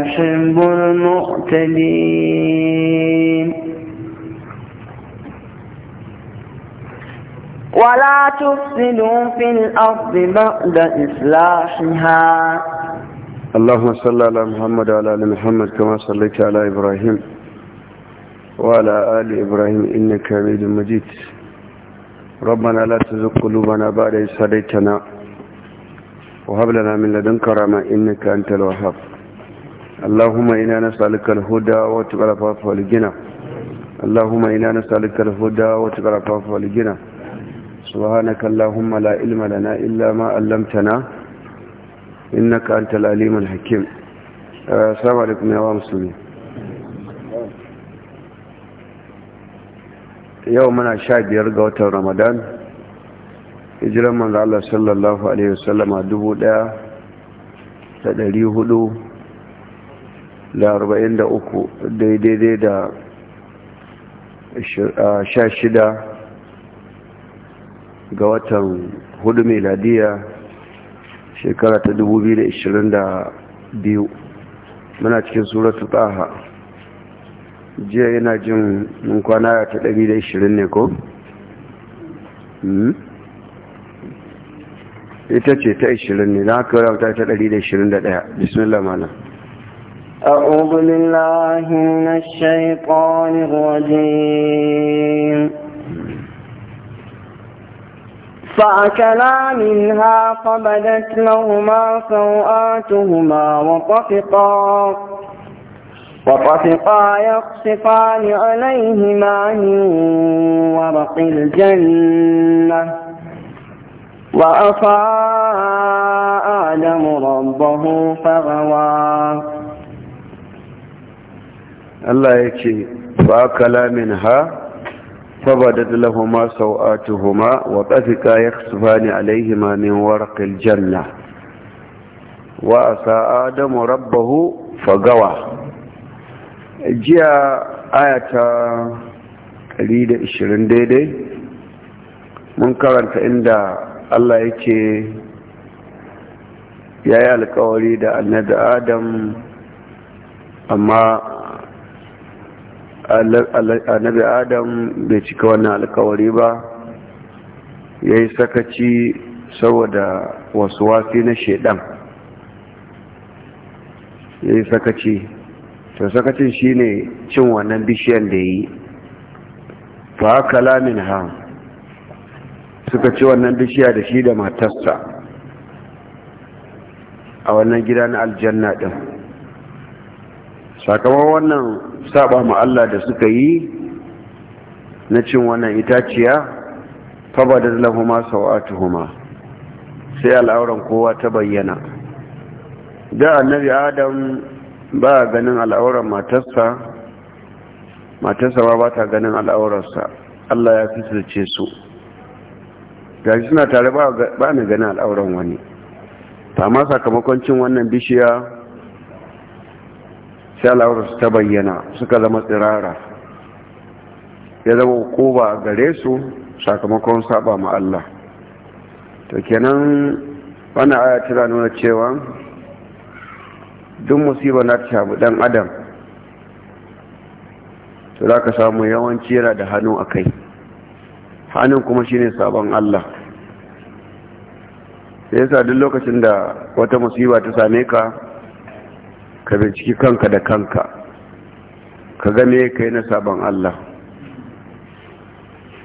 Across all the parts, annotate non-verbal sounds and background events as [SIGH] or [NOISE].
يحب المعتدين ولا تفسدوا في الأرض بعد إصلاحها اللهم صل على محمد وعلى آل محمد كما صليت على إبراهيم وعلى آل إبراهيم إنك حميد مجيد ربنا لا تزغ قلوبنا بعد إذ هديتنا وهب لنا من لدنك رحمة إنك أنت الوهاب اللهم إنا نسألك الهدى واتقى العفاف والجنى اللهم إنا نسألك الهدى واتقى العفاف والجنى سبحانك اللهم لا علم لنا إلا ما علمتنا إنك أنت العليم الحكيم السلام عليكم يا مسلمين yau muna sha biyar ga watan ramadan hijiran manzo Allah sallallahu alaihi wasallama dubu daya da dari hudu da 43 daidai da 16 ga watan hudu meladiya shekara ta 2022 muna cikin suratu taha jiya yana jin mun kwana ta 120 ne ko? Hmm? ita ce ta 20 ne na haka ta 121 bismillah malam أعوذ بالله من الشيطان الرجيم فأكلا منها فبدت لهما سوآتهما وطفقا وطفقا يقصفان عليهما من ورق الجنة وأفى آدم ربه فغواه Allah ya ce fa kalamin ha fabadad sau'a tuhuma wa ƙafika ya kusurfa ne alaihima min janna wa a sa'adam rabbahu fagawa jiya ayata 120 daidai mun karanta inda Allah ya ce ya yi alkawari da annabi adam amma annabi adam bai cika wannan alkawari ba ya yi sakaci saboda wasu wasi na shaidan ya yi sakaci to sakacin shine cin wannan bishiyar da yi fa kalamin ha suka ci wannan bishiya da shi da matarsa a wannan gida na aljanna ɗin. sakamakon wannan saba ma Allah da suka yi na cin wannan itaciya fabadar lahuma sawatuhuma sai al'auran kowa ta bayyana da annabi adam ba ganin al'auran matarsa matarsa ba ba ta ganin al'aurarsa Allah ya fitarce su gashi suna tare ba ni ganin al'auran wani ta ma sakamakon cin wannan bishiya sai su ta bayyana suka zama tsirara ya zama hukuba gare su sakamakon saba ma Allah to kenan wani aya tana nuna cewa duk musiba na ta shafi dan adam to za ka samu yawanci yana da hannu a kai hannun kuma shine sabon Allah sai yasa duk lokacin da wata musiba ta same ka ka binciki kanka da kanka ka game ka yi na sabon Allah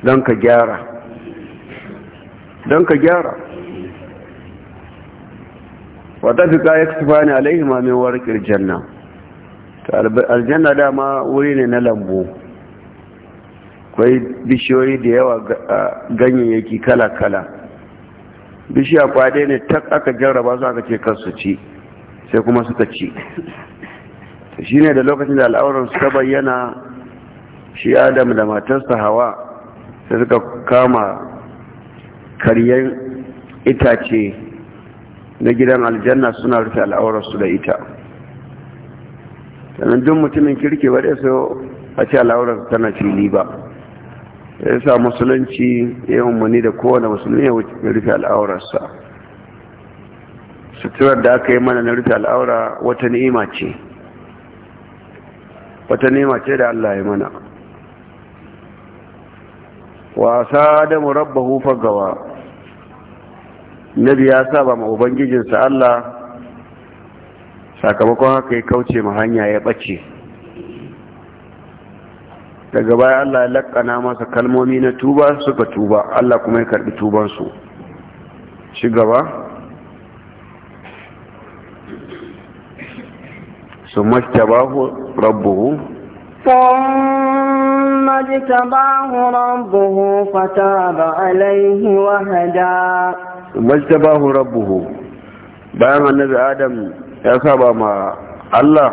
don ka gyara don ka gyara wata fika ya kusurfa ne alaihi mamin warkar janna aljanna dama wuri ne na lambu kwai bishiyoyi da yawa ganyayyaki kala-kala bishiya kwade ne tak aka jarraba su aka ce kansu ci sai kuma suka ci shi ne da lokacin da al'auran suka bayyana shi adam da matarsa hawa sai suka kama karyar itace na gidan aljanna suna rufe al'auransu da ita sannan duk mutumin kirki ba su a ce al'aurarsu tana fili ba ya sa musulunci yawan muni da kowane musulmi ya rufe al'aurarsa suturar da aka yi mana na rufe al'aura wata ni'ima ce wata ni'ima ce da Allah ya mana wasa da murabbahu gawa nabi ya saba ma ubangijinsa Allah sakamakon haka ya kauce ma hanya ya ɓace. daga baya Allah ya lakana masa kalmomi na tuba suka tuba Allah kuma ya karɓi tubansu shi gaba ثم اجتباه ربه ثم bayan annabi ya saba ma Allah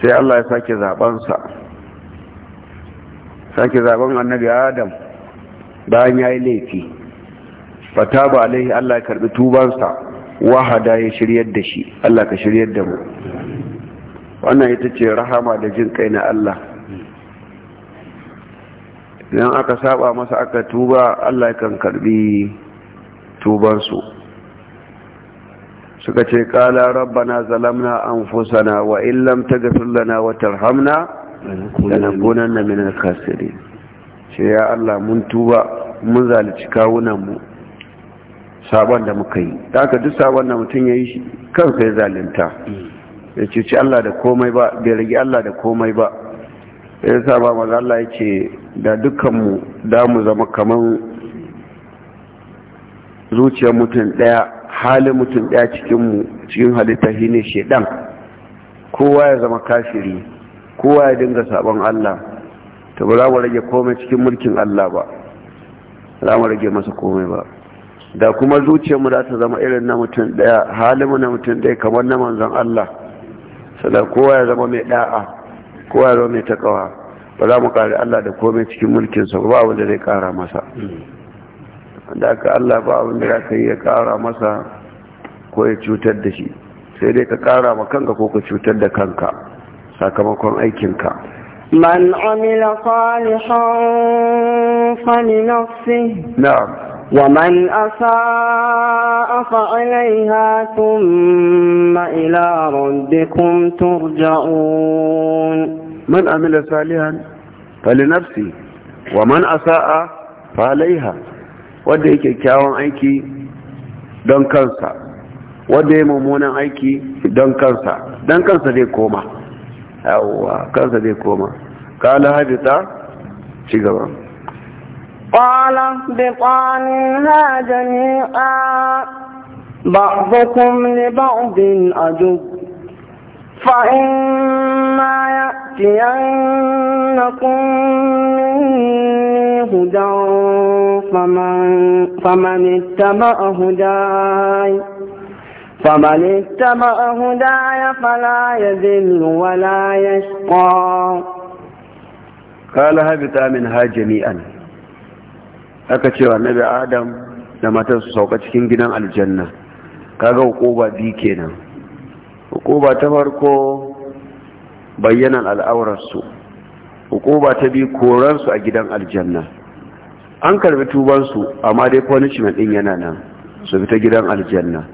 sai Allah ya sake zabansa sake zaben annabi bayan ya yi laifi fata ba alaihi Allah ya karbi tubansa wahada ya shiryar da shi Allah ka shiryar da mu wannan ita ce rahama da jin kai na Allah idan aka saba masa aka tuba Allah kan karbi tubansu suka ce kala rabbana zalamna anfusana wa in lam taghfir lana wa tarhamna lanakunanna al khasirin ce ya Allah mun tuba mun zalunci kawunan mu sabon da muka yi da aka duk sabon da mutum yayi kansa ya zalunta ya cuci Allah da komai ba bai rage Allah da komai ba ya sa ba maza Allah ya ce da dukkanmu da mu zama kaman zuciyar mutum ɗaya halin mutum ɗaya cikinmu cikin halitta shi ne shaidan kowa ya zama kafiri kowa ya dinga sabon Allah ta ba za mu rage komai cikin mulkin Allah ba za mu rage masa komai ba da kuma zuciyarmu za ta zama irin na mutum ɗaya halinmu na mutum ɗaya kamar na manzon Allah sannan kowa ya zama mai da'a kowa ya zama mai takawa ba za mu kare Allah da komai cikin mulkin mulkinsa ba wanda zai kara masa da aka Allah ba abin da ka yi ya kara masa ko ya cutar da shi sai dai ka kara ma kanka ko ka cutar da kanka sakamakon aikinka man amila salihan fa li nafsihi na'am ومن أساء فعليها ثم إلى ربكم ترجعون من عمل صالحا فلنفسه ومن أساء فعليها wanda yake kyawun aiki don kansa wanda ya mummunan aiki don kansa don kansa zai koma yawwa kansa zai koma kala ci gaban قال اهبطا منها جميعا بعضكم لبعض أجب فإما يأتينكم مني هدى فمن, فمن اتبع هداي فمن اتبع هداي فلا يذل ولا يشقى قال هبطا منها جميعا aka cewa nabi adam da matar su sauka cikin gidan aljanna kaga hukuba bi kenan hukuba ta farko bayyanan al'aurarsu hukuba ta bi koransu a gidan aljanna an karbi tubansu amma dai punishment din yana nan su fita gidan aljanna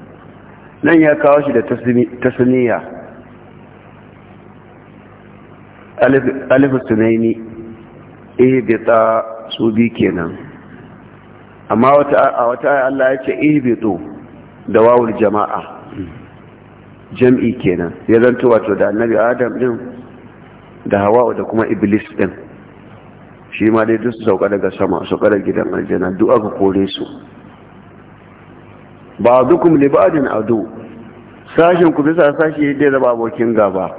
nan ya kawo shi da tasniya alif sunaini ihbita su bi kenan amma a wata aya Allah ya ce ihbitu da wawul jama'a jam'i kenan ya zanto wato da annabi adam din da hawa da kuma iblis din shi ma dai duk su sauka daga sama sauka daga gidan aljanna duk aka kore su ba dukum li ba'din adu sashin ku bisa sashi dai zaba abokin gaba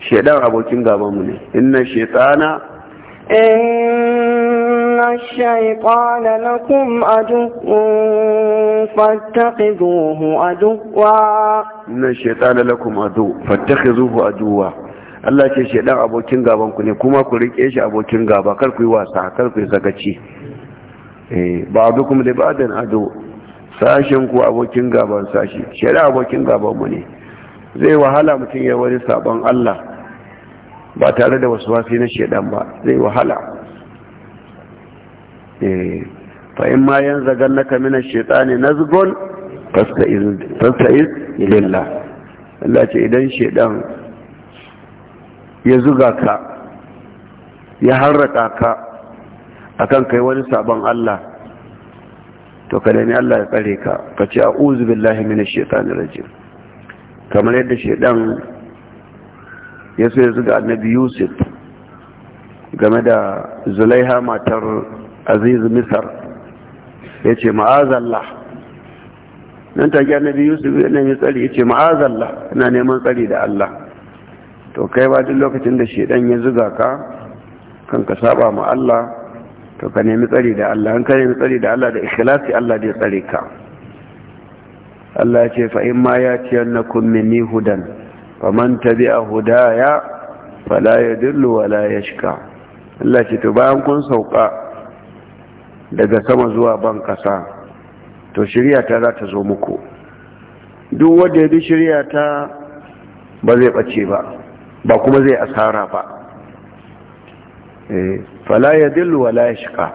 shedan abokin gaban mu ne inna shaytana الشيطان لكم عدو فاتخذوه عدوا إن الشيطان لكم عدو فاتخذوه عدوا Allah ce shaidan abokin gaban ku ne kuma ku rike shi abokin gaba kar ku yi wasa kar ku yi sakaci eh ba abu kuma da ba'dan ado sashen ku abokin gaban sashi shaidan abokin gaban mu ne zai wahala mutum ya wani sabon Allah ba tare da wasu wasi na shaidan ba zai wahala Eh, fa in ma yan zagar na kamina shaitani na zugon fasta'iz lillah Allah ce idan shaidan ya zuga ka ya harraka ka akan kai wani sabon Allah to ka nemi Allah ya tsare ka ka ce a'udhu billahi minash shaitani rajim kamar yadda shaidan ya so ya zuga annabi Yusuf game da Zulaiha matar aziz misar ya ce ma'azallah nan take annabi yusuf ya nemi tsari ya ce ma'azallah ina neman tsari da allah to kai ba duk lokacin da shedan ya zuga ka kan ka saba ma allah to ka nemi tsari da allah an ka nemi tsari da allah da ikhlasi allah zai tsare ka allah ya ce fa in ma ya ci yannakum minni hudan faman tabi'a hudaya fala yadillu wala shika. Allah ce to bayan kun sauka daga sama zuwa ban kasa to shirya ta za ta zo muku duk wanda ya bi shirya ta ba zai bace ba ba kuma zai asara ba eh, fala ya dillu wala ya shika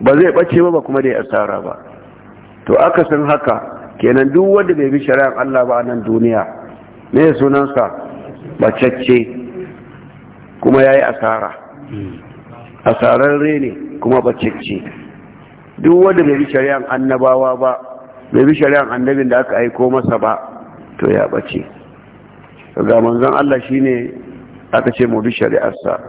ba zai bace ba ba kuma zai asara ba to aka san haka kenan duk wanda bai bi shari'ar Allah ba a nan duniya ne sunansa bacacce kuma ya yi asara hmm. asararre ne kuma bacacce duk wanda bai bi shari'an annabawa ba bai bi shari'an annabin da aka aiko masa ba to ya bace ga manzon Allah shine aka ce mu bi shari'arsa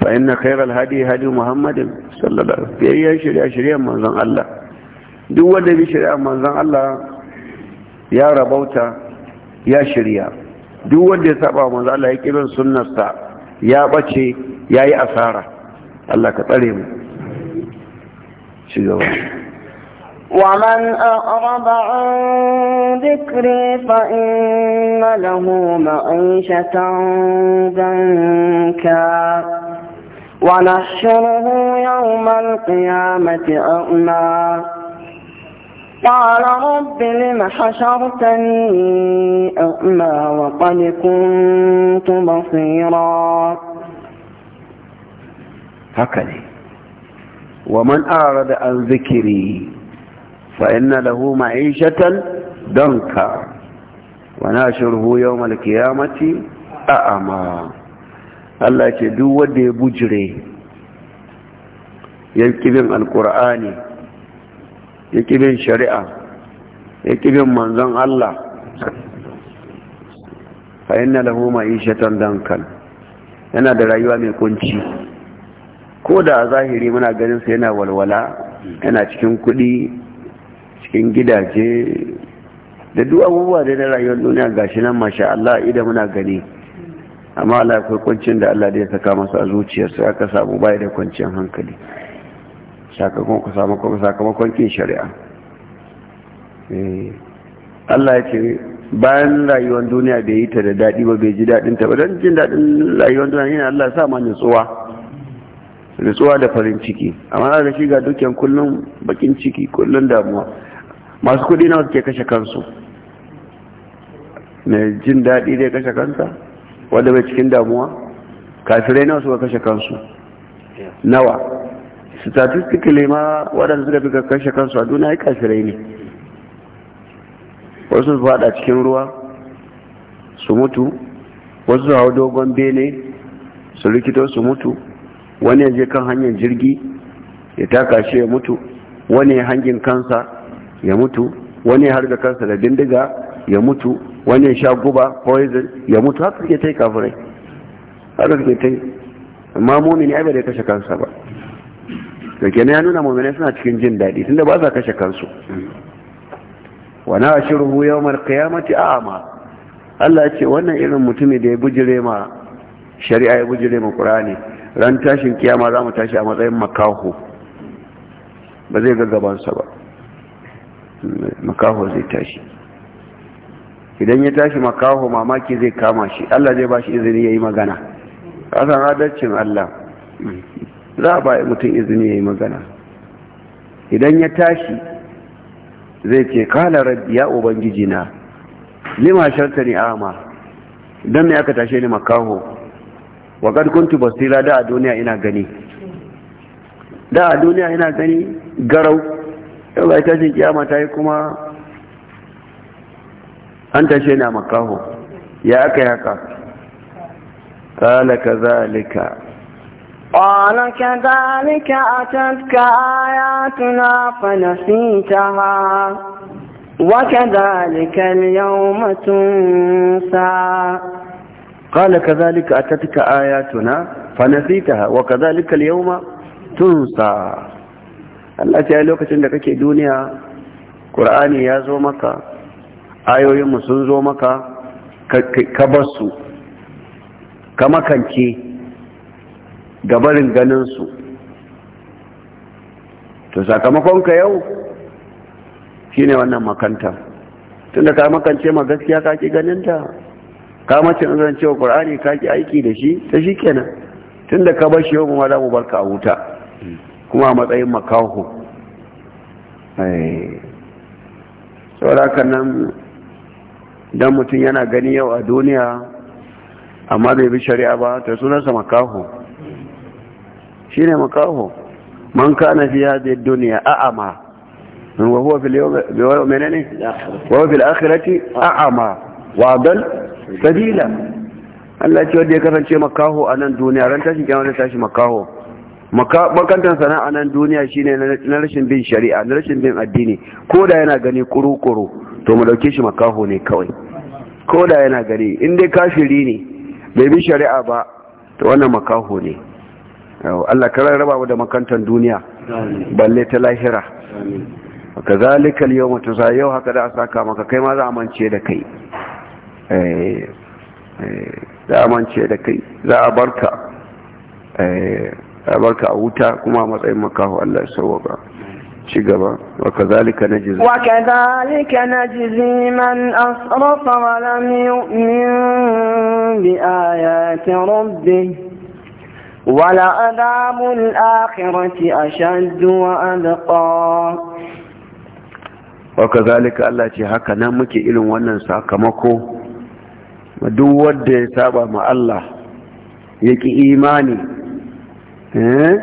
fa inna khayral hadi hadi muhammadin sallallahu alaihi wasallam yayin shari'a shari'an manzon Allah duk wanda bi shari'an manzon Allah ya rabauta ya shari'a duk wanda ya saba manzon Allah ya kiran sunnarsa ya bace yayi asara Allah ka tsare mu ومن أعرض عن ذكري فإن له معيشة ضنكا ونحشره يوم القيامة أعمى قال رب لم حشرتني أعمى وقد كنت بصيرا هكذا ومن أعرض عن ذكري فإن له معيشة دنكا وناشره يوم القيامة أعمى Allah ce duk wanda ya bujire ya kibin alkur'ani ya kibin shari'a ya manzon Allah fa inna lahu ma'ishatan dankan yana da rayuwa mai kunci ko da zahiri muna ganin sa yana walwala yana cikin kuɗi cikin gidaje da duk abubuwa da na rayuwar duniya gashi nan masha Allah idan muna gani amma Allah akwai kwancin da Allah da ya saka masa a zuciyarsa ya ka samu bai da kwanciyar hankali sakamakon kin shari'a eh, Allah ya ce bayan rayuwar duniya bai yi ta da daɗi ba bai ji daɗin ta ba don jin daɗin rayuwar duniya yana Allah ya sa ma nutsuwa nutsuwa da farin ciki amma za ka shi ga dukkan kullum bakin ciki kullum damuwa masu kuɗi nawa suke kashe kansu mai jin daɗi zai kashe kansa wanda mai cikin damuwa kafirai nawa suka kashe kansu nawa statistically ma waɗanda suka fi kashe kansu a duniya ya kafirai ne wasu su faɗa cikin ruwa su mutu wasu su hau dogon bene su rikito su mutu wani ya je kan hanyar jirgi ya taka shi ya mutu wani ya hangin kansa ya mutu wani ya harga kansa da bindiga ya mutu wani ya sha guba poison ya mutu haka suke ta yi kafirai haka suke ta yi amma mumini ai ba kashe kansa ba da kenan ya nuna mumini suna cikin jin daɗi tunda ba za kashe kansu wana a shiruhu yau mar a a'ama Allah ya ce wannan irin mutumi da ya bujire ma shari'a ya bujire ma ne. ran tashin kiyama za mu tashi a matsayin makaho ba zai gaggabansa ba makaho zai tashi idan ya tashi makaho mamaki zai kama shi allah zai ba shi izini ya yi magana kasan adalcin allah za a ba mutum izini ya yi magana idan ya tashi zai ce kala rabbi ya ubangiji na lima sharta ama don me aka tashe ni makaho wa Kuntu basira da a duniya ina gani da a duniya ina gani garau yau ba tashin kiyama ta yi kuma an tashe na makaho ya aka yi haka ƙalaka zalika ƙalaka zalika a can ka ya tattaka ayatuna fanasita ha wa ka zalika liyan matunsa قال كذلك أتتك آياتنا فنسيتها وكذلك اليوم تنسى Allah ta yi lokacin da kake duniya ƙur'ani ya zo maka ayoyinmu sun zo maka ka basu ka makance gabarin ganinsu to sakamakonka yau shine wannan makanta tunda ka makance ma gaskiya kake ganinta ka mace in zan cewa qur'ani ka ki aiki da shi ta shi kenan tunda ka bar shi yau kuma za mu barka a wuta kuma a matsayin makaho eh. saboda nan dan mutum yana gani yau a duniya amma bai bi shari'a ba ta sunansa makaho ne makaho man na fi duniya a ama wa huwa fil yawmi wa huwa fil akhirati ama wa dal sabila Allah ce wanda ya kasance makaho a nan duniya ran tashin kiyama zai tashi makaho makantan sana a nan duniya shine na rashin bin shari'a na rashin bin addini ko da yana gani kuru-kuru to mu dauke shi makaho ne kawai ko da yana gani in dai kafiri ne bai bi shari'a ba to wannan makaho ne Allah ka raba mu da makantan duniya balle ta lahira kazalika al-yawma tusayyu haka asaka maka kai ma za amince da kai Eh, eh, daman ce da kai za a barka eh, a barka a wuta kuma a matsayin makahu Allah ya sauwa ba ci gaba wa ka zalika na jizi wa ka zalika na jizi man asrafa wa lam yu'min ya ayati rabbi wa la adamu al-akhirati ashad wa adqa wa ka zalika Allah ce haka nan muke irin wannan sakamako duk wanda ya saba ma Allah ya ƙi imani eh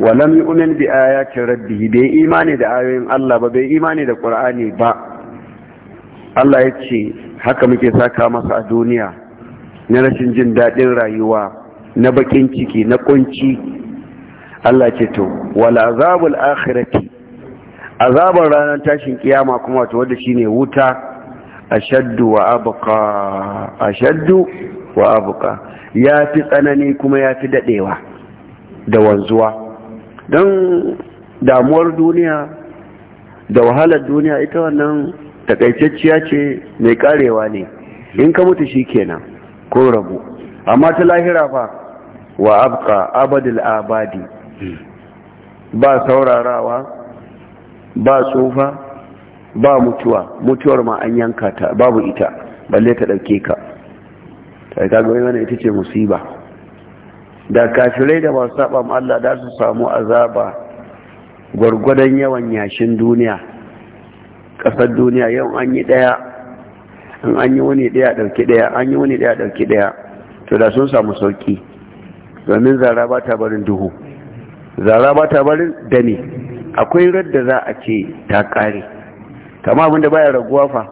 walam yu'min bi ayati rabbih bai imani da ayoyin Allah ba bai imani da Qur'ani ba Allah ya ce haka muke saka masa a duniya na rashin jin daɗin rayuwa na bakin ciki na kunci Allah ce to wala azabul akhirati azabar ranar tashin kiyama kuma wato wanda shine wuta ashaddu wa abqa ashaddu wa abqa ya fi tsanani kuma ya fi dadewa da wanzuwa don damuwar duniya da wahalar duniya ita wannan takaitacciya ce mai karewa ne in ka mutu shi kenan ko rabu amma ta lahira fa wa abqa abadul abadi hmm. ba saurarawa ba tsufa ba mutuwa mutuwar ma an yanka ta babu ita balle ta ɗauke ka ta kaga wani wani ita ce musiba da kafirai da masu saba ma Allah da su samu azaba gwargwadon yawan yashin duniya ƙasar duniya yau an yi ɗaya in an yi wani ɗaya ɗauki ɗaya an yi wani ɗaya ɗauki ɗaya to da sun samu sauƙi domin zara ba ta barin duhu zara ba ta barin dane akwai radda za a ce ta ƙare kama abin da baya raguwa fa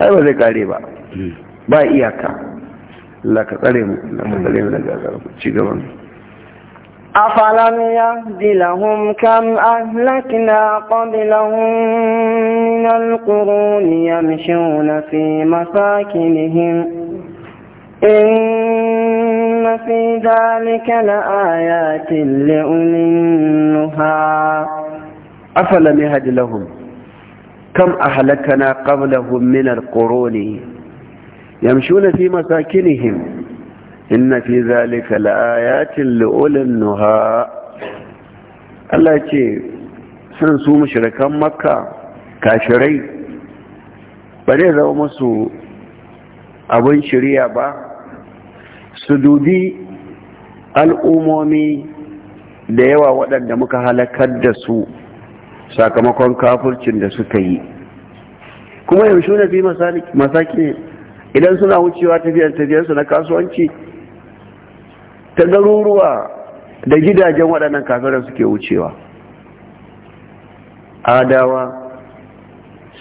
ai ba zai kare ba hmm. ba iyaka Allah ka tsare mu Allah ka tsare mu daga azaba ci gaba أفلم يهد لهم كم أهلكنا قبلهم من القرون يمشون في مساكنهم إن في ذلك لآيات لأولي النهى أفلم يهد لهم كم أهلكنا قبلهم من القرون يمشون في مساكنهم إن في ذلك لآيات لأولي النهى الله يقول سنسو مشركا مكة كاشري bare zama masu abin shirya ba su dubi al'umomi da yawa waɗanda muka halakar da su sakamakon kafurcin da suka yi kuma yaushe na fi masaki ne idan suna wucewa tafiyar tafiyarsu na kasuwanci ta garuruwa da gidajen waɗannan kafirar suke wucewa adawa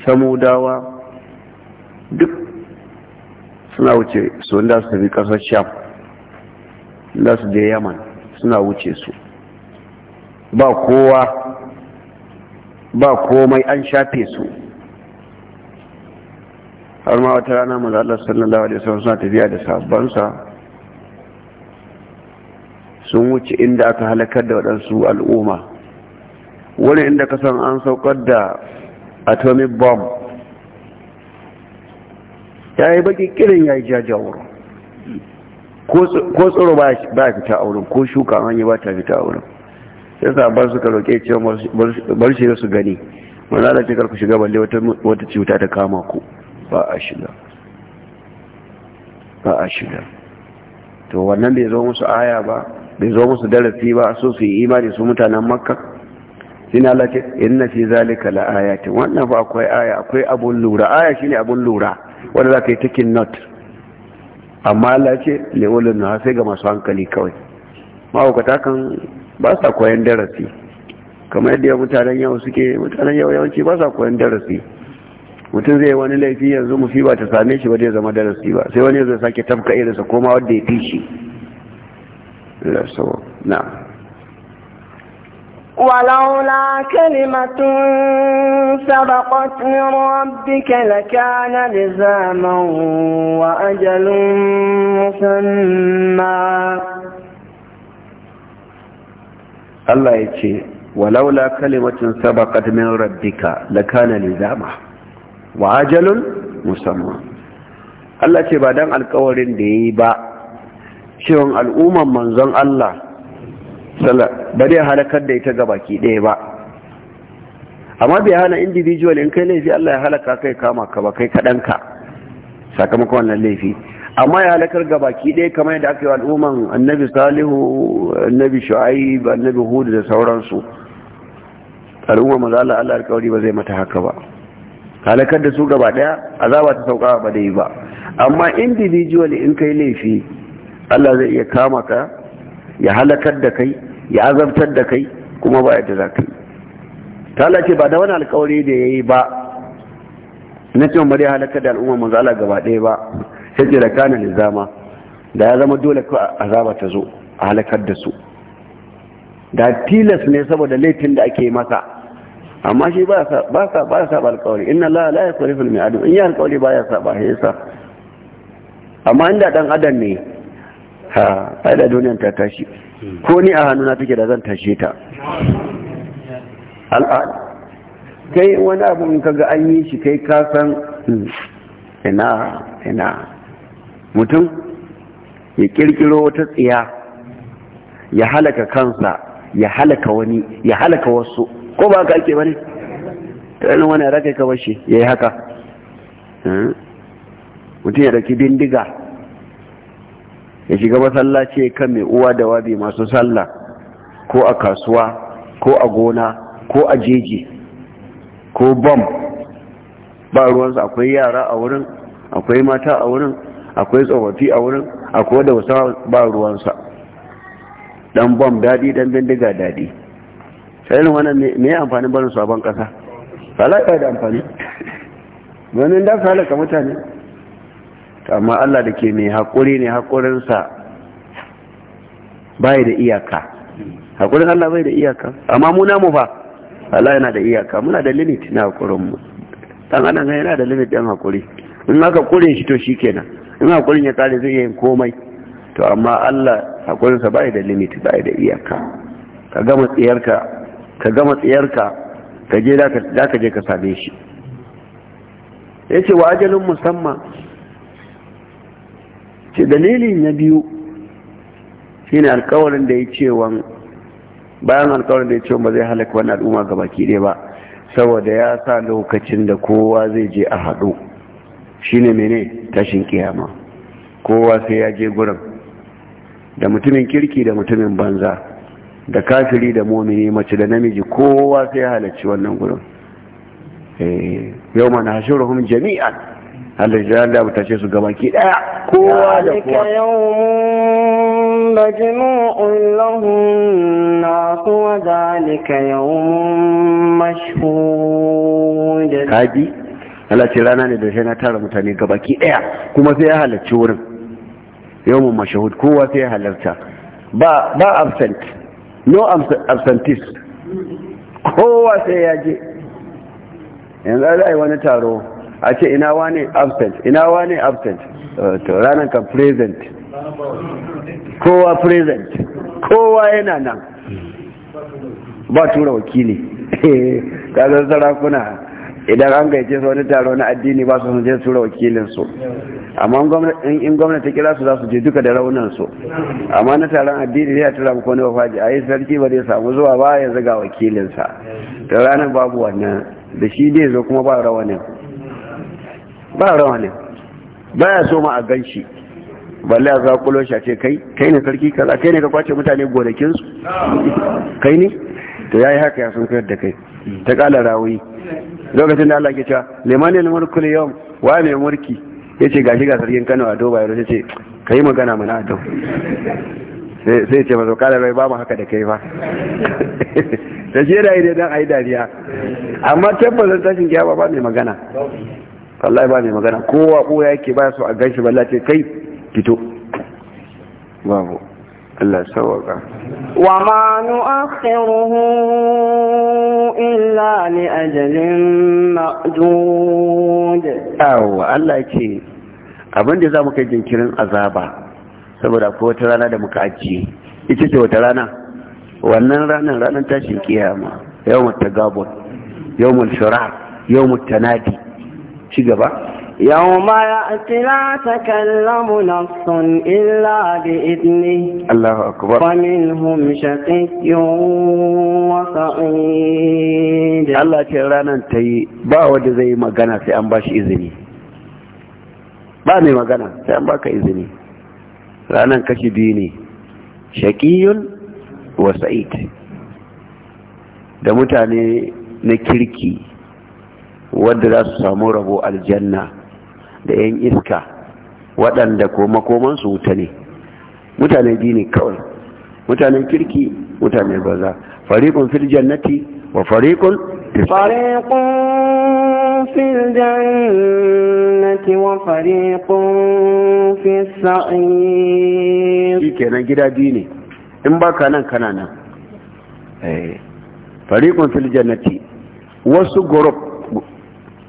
samudawa duk suna wuce su wanda su tafi ƙasar sham inda su je yaman suna wuce su ba kowa ba komai an shafe su har ma wata rana mu Allah sallallahu alaihi wasallam suna tafiya da sabbansa sun wuce inda aka halakar da waɗansu al'umma wani inda ka san an saukar da atomic bomb ya yi baki kirin ya yi jajawar ko tsoro ba ya fita a wurin ko shuka an yi ba ta fita a wurin sai sa bar suka roƙe cewa bar shi su gani wanda da cikar ku shiga balle wata cuta ta kama ku ba a shiga ba a shiga to wannan bai zo musu aya ba bai zo musu darasi ba so su yi imani su mutanen makka sina lati inna fi zalika la ayati wannan ba akwai aya akwai abun lura aya shine abun lura wanda zaka yi taking note amma Allah ya ce le'ulun na sai ga masu hankali kawai mahaukata kan ba sa koyan darasi kamar yadda ya mutanen yau suke mutanen yau yawanci ba sa koyan darasi mutum zai wani laifi yanzu musiba ta same shi ba zai zama darasi ba sai wani zai sake tafka irinsa koma wadda ya fi shi na ولولا كلمة سبقت من ربك لكان لزاما وأجل مسمى Allah ya ce walaula kalimatin sabaqat min rabbika lakana lizama wa ajalun musamma Allah ce ba dan alkawarin da yayi ba cewon al'umman manzon Allah ba dai halakar da ita gabaki ɗaya ba amma bai hana individual in kai laifi Allah ya halaka kai kama ka ba kai kaɗanka sakamakon wannan laifi amma ya halakar ga baki ɗaya kamar yadda aka yi al'umman annabi salihu annabi shu'aib annabi hudu da sauransu al'umma maza Allah Allah alƙawari ba zai mata haka ba halakar da su gaba ɗaya azaba ta sauka ba dai ba amma individual in kai laifi Allah zai iya kama ka ya halakar da kai ya azabtar da kai kuma ba yadda za ka yi ta ce ba da wani alƙawari da ya yi ba na cewa ba dai halakar da al'umma maza Allah gaba ɗaya ba sai da kana nizama da ya zama dole azaba ta zo a halakar da su da tilas ne saboda laifin da ake masa amma shi ba sa ba sa ba sa alƙawari inna la la yakhlifu al-mi'ad in ya alƙawari ba ya sa ba yasa amma inda dan adam ne ha ai da duniyar ta tashi ko ni a hannuna take da zan tashe ta al'ad kai wani abu in kaga an yi shi kai ka san hmm, ina ina mutum ya kirkiro wata tsiya ya halaka kansa ya halaka wani ya halaka wasu ko ba ka ake bane tsarin wani raka ka bashi ya yi haka hmm? mutum ya ɗauki bindiga ya shiga masallaci kan mai uwa da wabi masu sallah ko a kasuwa ko a gona ko a jeji ko bom ba ruwansu akwai yara a wurin akwai mata a wurin akwai tsofaffi a wurin akwai da wasa ba ruwansa dan bom daɗi dan bindiga daɗi sai irin wannan me ya amfani barin su a ƙasa halaka da amfani Wannan [LAUGHS] da su halaka mutane amma Allah da ke mai haƙuri ne haƙurinsa bai da iyaka haƙurin Allah bai da iyaka amma mu namu fa Allah yana da iyaka muna da limit na haƙurinmu dan adam yana da limit ɗin haƙuri in aka ƙure shi to shi kenan in hakurin ya kare zai yin komai to amma Allah hakurinsa bai da limit bai da iyaka ka gama tsiyarka ka gama tsiyarka ka je da ka je ka same shi ya ce wa ajalin musamman ce dalilin na biyu shi ne alkawarin da ya ce bayan alkawarin da ya ce ba zai halaka wani al'umma ga baki ɗaya ba saboda ya sa lokacin da kowa zai je a haɗu Shi ne mene tashin kiyama kowa sai ya je gurin da mutumin kirki da mutumin banza da kafiri da momini mace da namiji kowa sai ya halarci wannan gurin eh, yau mana hashiruhum jami'an halittar da ta ce su gabaki daya kowa da kowa مجموع له الناس وذلك يوم مشهود هذه Allah ce rana ne da shi na tara mutane gabaki daya kuma sai ya halarci wurin yawon mashahud kowa sai ya halarta ba absent no absentees kowa sai ya je yanzu za a yi wani taro a ce ina wani absent ina wani absent to ranar kan present kowa present kowa yana nan ba tura wakili ƙasar [LAUGHS] sarakuna idan an gaice su wani taro na addini ba su su je tura su, amma in gwamnati kira su za su je duka da su, amma na taron addini zai tura muku ne wafaji a yi sarki ba zai samu zuwa ba ya zaga wakilinsa da ranar babu wannan da shi ne zo kuma ba rawanin ba rawanin ba ya so ma a gan shi balle a zakulo shi a ce kai kai ne sarki kaza kai ne ka kwace mutane su, kai ne to ya yi haka ya sun kayar da kai ta kala rawi lokacin da Allah ke cewa limani al-mulku al-yawm wa ne mulki yace gashi ga sarkin Kano Ado Bayero yace kai magana mana Ado sai ce mazo kala rawi ba mu haka da kai ba da shi da ide dan ai dariya amma tabbacin tashin kiyama ba mai magana wallahi ba mai magana kowa kowa yake ba su a ganshi ce kai fito babu Allah sawaka wa ma nu'akhiruhu illa li ajalin ma'dud awa Allah ce abin da zamu kai jinkirin azaba saboda ko wata rana da muka ajiye ita ce wata rana wannan ranar ranar tashin kiyama yawmut tagabun yawmul shura yawmut tanadi ci gaba يوم يأتي لا تكلم نفس إلا بإذنه الله أكبر فمنهم شقي وسعيد الله كرانا تي با ود زي ما غنا في أنباش باش إذني با مي ما غنا في أنباك باك إذني رانا كشي بيني شقي وسعيد da mutane na kirki wadda za su samu rabo aljanna da 'yan iska waɗanda ko su wuta ne mutane biyu ne kawai mutanen kirki mutane baza Farikun fil jannati wa fariƙun wa farikun eh. fil في السعير شيء كنا جدا ديني إن باكا نان كنا nan. Farikun في الجنة wasu gurub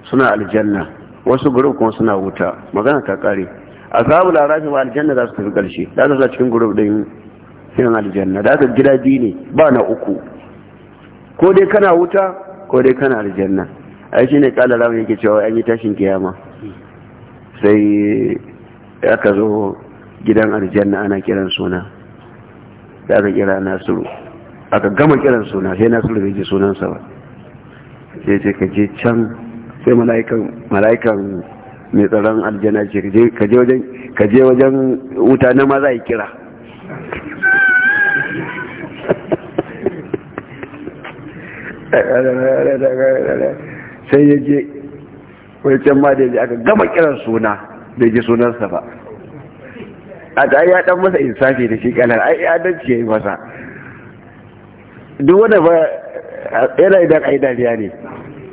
suna aljanna wasu guruf kuma suna wuta magana ta kare azabu larafi ba aljanna za su tafi karshe da su cikin guruf din yin aljanna da ka gida biyu ne ba na uku ko dai kana wuta ko dai kana aljanna shi ne kala ramu yake cewa an yi tashin kiyama sai aka zo gidan aljanna ana kiran suna da aka kira nasiru aka gama kiran suna sai nasiru bai ji sunansa ba sai ce ka je can sai mala'ikan mai tsaron aljana ce ka je wajen wuta na maza yi kira [LAUGHS] sai ya je wancan ma da ya aka gama kiran suna da ji sunansa ba a ta ya haɗar masa insafi da shi kalar ai ya dan ce masa duk wanda ba yana idan yi dariya ne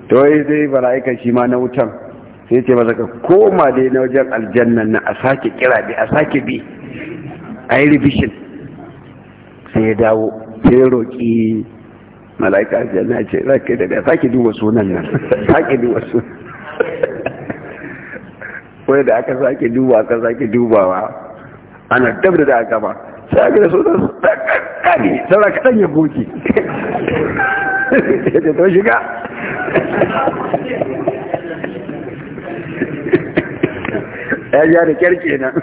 to yi zai bala'ika shi ma na wutan sai ce ba ka koma dai na wajen aljannan na a sake kira bi a sake bi a yi revision sai ya dawo sai ya roƙi mala'ika aljanna ce sake da sake duwa sunan nan sake duwa sunan wadda da aka sake duba aka sake dubawa ana dab da aka ba sai aka da sunan ta ne sarakaɗan ya goge جد وجهك يعني يعني يا انا كركينا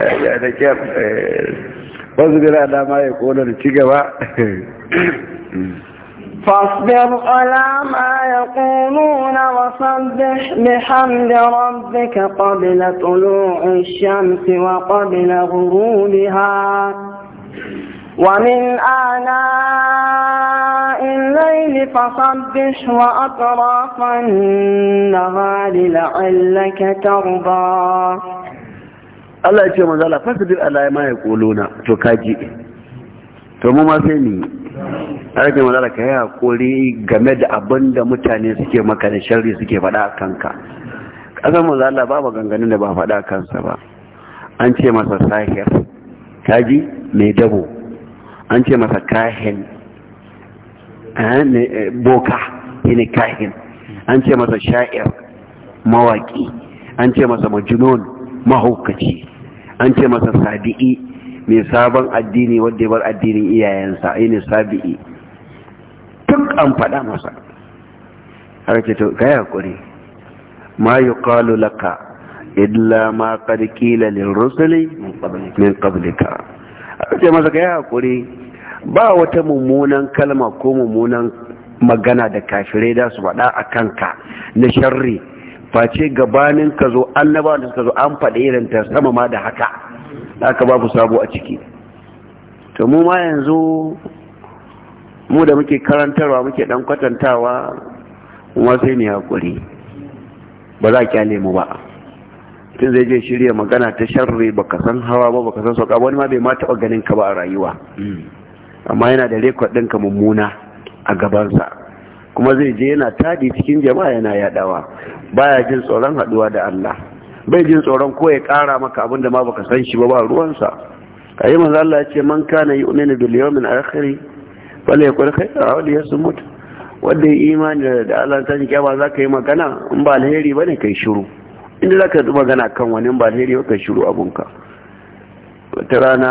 يا انا كيف ما يقول نتيجه فاصبر على ما يقولون وصبح بحمد ربك قبل طلوع الشمس وقبل غروبها ومن آناء الليل فصبح وأطراف النهار لعلك ترضى Allah ya ce manzo Allah fasbir ala ma yaquluna to kaji to mu ma sai ni ake manzo Ka yi hakuri game da abinda mutane suke maka da sharri suke faɗa kanka kasan manzo Allah ba maganganun da ba faɗa kansa ba an ce masa sahir kaji mai dabo an ce masa kahin eh, eh, boka shine kahin an ce masa sha'ir mawaki an ce masa majinon, mahaukaci an ce masa sabi'i mai sabon addini wadda bar addinin iyayensa ne sabi'i duk an faɗa masa har ce to kai hakuri ma yuqalu laka illa ma qad lil rusuli min qablika aka ce masa ya hakuri ba wata mummunan kalma ko mummunan magana da kafirai da su faɗa a kanka na sharri face gabanin ka zo annaba da suka zo an faɗi irin ta sama ma da haka Da ba babu sabo a ciki to mu ma yanzu mu da muke karantarwa muke dan kwatantawa kuma sai mu hakuri ba za a kyale mu ba tun zai je shirya magana ta sharri baka san hawa ba baka san sauka wani ma bai ma taɓa ganin ka ba a rayuwa hmm. amma yana da rekod ka mummuna a gabansa kuma zai je yana tadi cikin jama'a yana yadawa baya jin tsoron haɗuwa da Allah bai jin tsoron ko ya ƙara maka abin da ma baka san shi ba ba ruwansa a yi manzo Allah ya ce man kana yu'minu bil yawmil akhir falyakul khayran aw liyasmut wanda ya imani da Allah ta ji za zaka yi magana in ba alheri bane kai shiru inda za ka magana kan wani ba alheri ka shiru abunka wata rana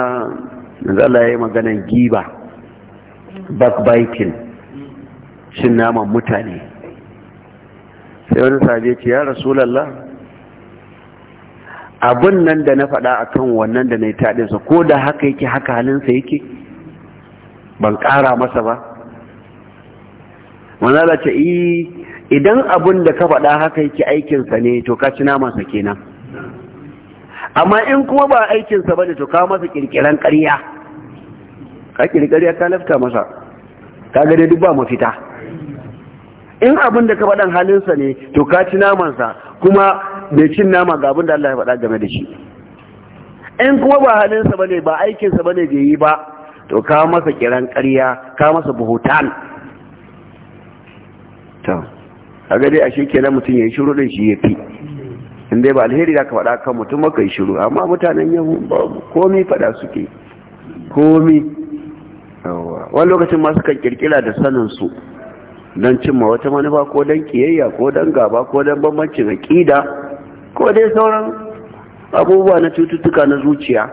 zala ya yi maganan giba backbiting cin naman mutane sai wani sabi ce ya rasulallah abin nan da na faɗa a kan wannan da na yi taɗinsa ko da haka yake haka halinsa yake ban ƙara masa ba manzala ce yi idan abin da ka faɗa haka yake aikinsa ne to ka ci namansa kenan amma in kuma ba aikinsa ba ne to ka masa ƙirƙiran ƙarya ka ƙirƙirar ka lafta masa ka gane duk ba mafita in abin da ka faɗan halinsa ne to ka ci namansa kuma bai cin nama ga abin da Allah ya faɗa game da shi in kuma ba halinsa ba ne ba aikinsa ba ne bai yi ba to ka masa kiran ƙarya ka masa buhutan to kaga dai ashe kenan mutum ya yi shiru din shi ya fi in dai ba alheri da ka faɗa kan mutum maka yi shiru amma mutanen yahu komi faɗa suke komi wani lokacin masu kan kirkira da sanin su don cimma wata manufa ko don kiyayya ko don gaba ko don bambancin aƙida ko dai sauran abubuwa na cututtuka na zuciya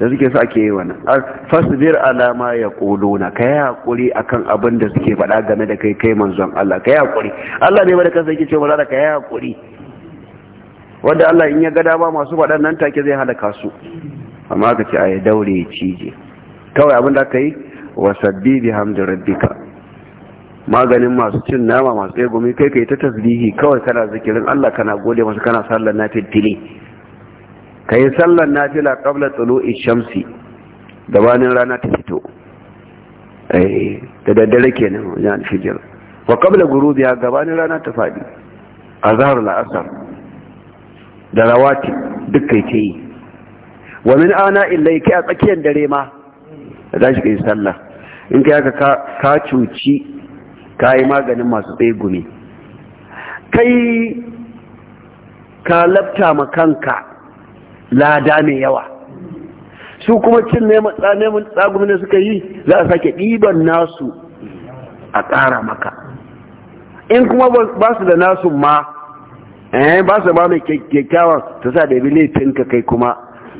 da suke sa ake yi wannan fasbir ala ma Ka yi hakuri akan abin da suke faɗa game da kai kai manzon Allah Ka yi hakuri Allah ne bada da kansa yake cewa ka yi hakuri wanda Allah in ya ga dama masu faɗan nan take zai halaka su amma ka ce a ya daure ya cije kawai abin da ka yi sabbi bi hamdi rabbika maganin masu cin nama masu tsegumi kai kai ta tasbihi kawai kana zikirin Allah kana gode masa kana sallar na fitili ka yi sallar nafila ƙabla tsulu'i shamsi gabanin rana ta fito eh, da daddare kenan wajen alfijir wa ƙabla gurubiya gabanin rana ta faɗi a zahar la'asar da rawati duk ke ta yi wa min ana illai kai a tsakiyar dare ma da za shi ka yi sallah in ka yaka ka cuci ka yi maganin masu tsaye gumi kai ka labta ma kanka lada mai yawa su kuma cin neman tsagumi ne suka yi za a sake ɗiban nasu a ƙara maka in kuma ba su da nasu ma eh ba su ba mai kyakkyawan ta sa da bi laifin ka kai kuma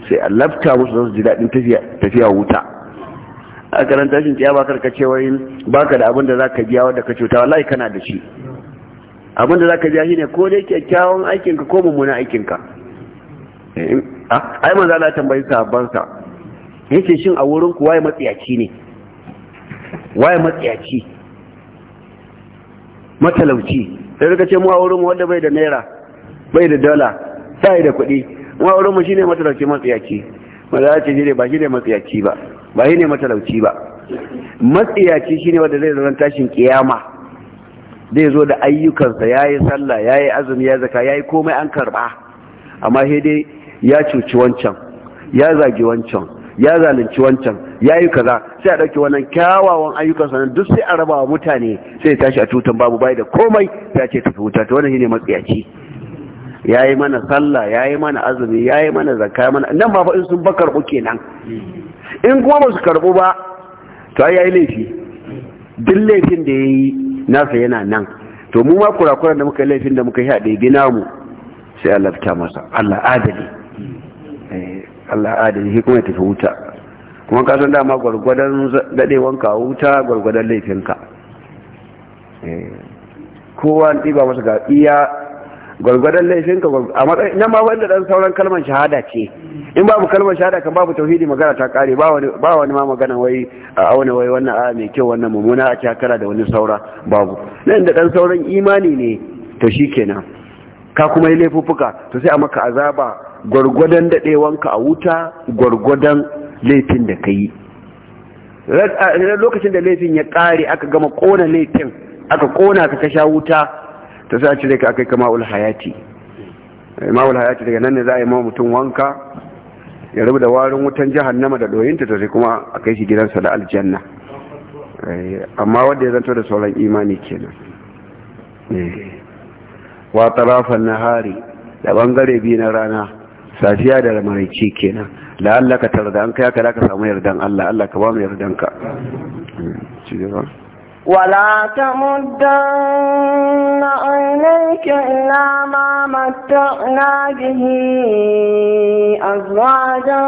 sai a lafta musu za su ji daɗin tafiya wuta a karanta shi ya bakar ka cewa yin baka da abin da za ka biya wadda ka cuta wallahi kana da shi abin da za ka biya shine ko dai kyakkyawan aikinka ko mummunan aikinka eh, ai manzo Allah tambayi sahabban sa yace shin a wurin ku waye matsiyaci ne waye matsiyaci matalauci sai daga ce mu a wurin wanda bai da naira bai da dala sai da kuɗi mu a wurin mu shine matalauci matsiyaci maza ce shine ba shine matsiyaci ba ba shine matalauci ba matsiyaci shine wanda zai zama tashin kiyama zai zo da ayyukansa yayi sallah yayi azumi ya zaka yayi komai an karba amma sai dai ya cuci wancan ya zagi wancan ya zalunci wancan ya yi kaza sai a ɗauki wannan kyawawan ayyukan sanar duk sai a raba wa mutane sai tashi a tutan babu bai da komai ya ce tafi wuta ta wannan shine matsiyaci ya yi mana sallah ya yi mana azumi ya yi mana zakka mana nan ba in sun ba karɓu kenan in kuma ba su karɓu ba to ai yayi laifi duk laifin da yayi yi nasa yana nan to mu ma kurakuran da muka yi laifin da muka yi a ɗaibi namu sai Allah ta masa Allah adali Allah adali shi kuma ya tafi wuta kuma ka san dama gwargwadon dadewan ka wuta gwargwadon laifinka eh, kowa an ɗiba masa ga iya gwargwadon laifinka a matsayin nan ma wanda dan sauran kalmar shahada ce in babu kalmar shahada kan babu tauhidi magana ta kare ba wani ma magana wai a auna wai wannan a mai kyau wannan mummuna a cakara da wani saura babu nan da dan sauran imani ne to shikenan ka kuma yi laifuffuka to sai a maka azaba gwargwadon daɗewanka a wuta gwargwadon laifin da ka yi lokacin da laifin ya ƙare aka gama ƙona laifin aka ƙona ka kasha wuta ta sa cire ka aka yi kama ulhayati imamul eh, hayati daga nan ne za a yi ma mutum wanka ya rubu da warin wutan jahannama da ɗoyinta ta sai kuma a kai shi gidansa da aljanna eh, amma wanda ya zanto da sauran imani kenan eh, wa tarafan nahari da bangare biyu na rana safiya da maraice kenan la'allaka tarda an kai ka za ka samu yardan Allah Allah ka ba mu yardanka ولا تمدن عينيك إلى ما متعنا به أزواجا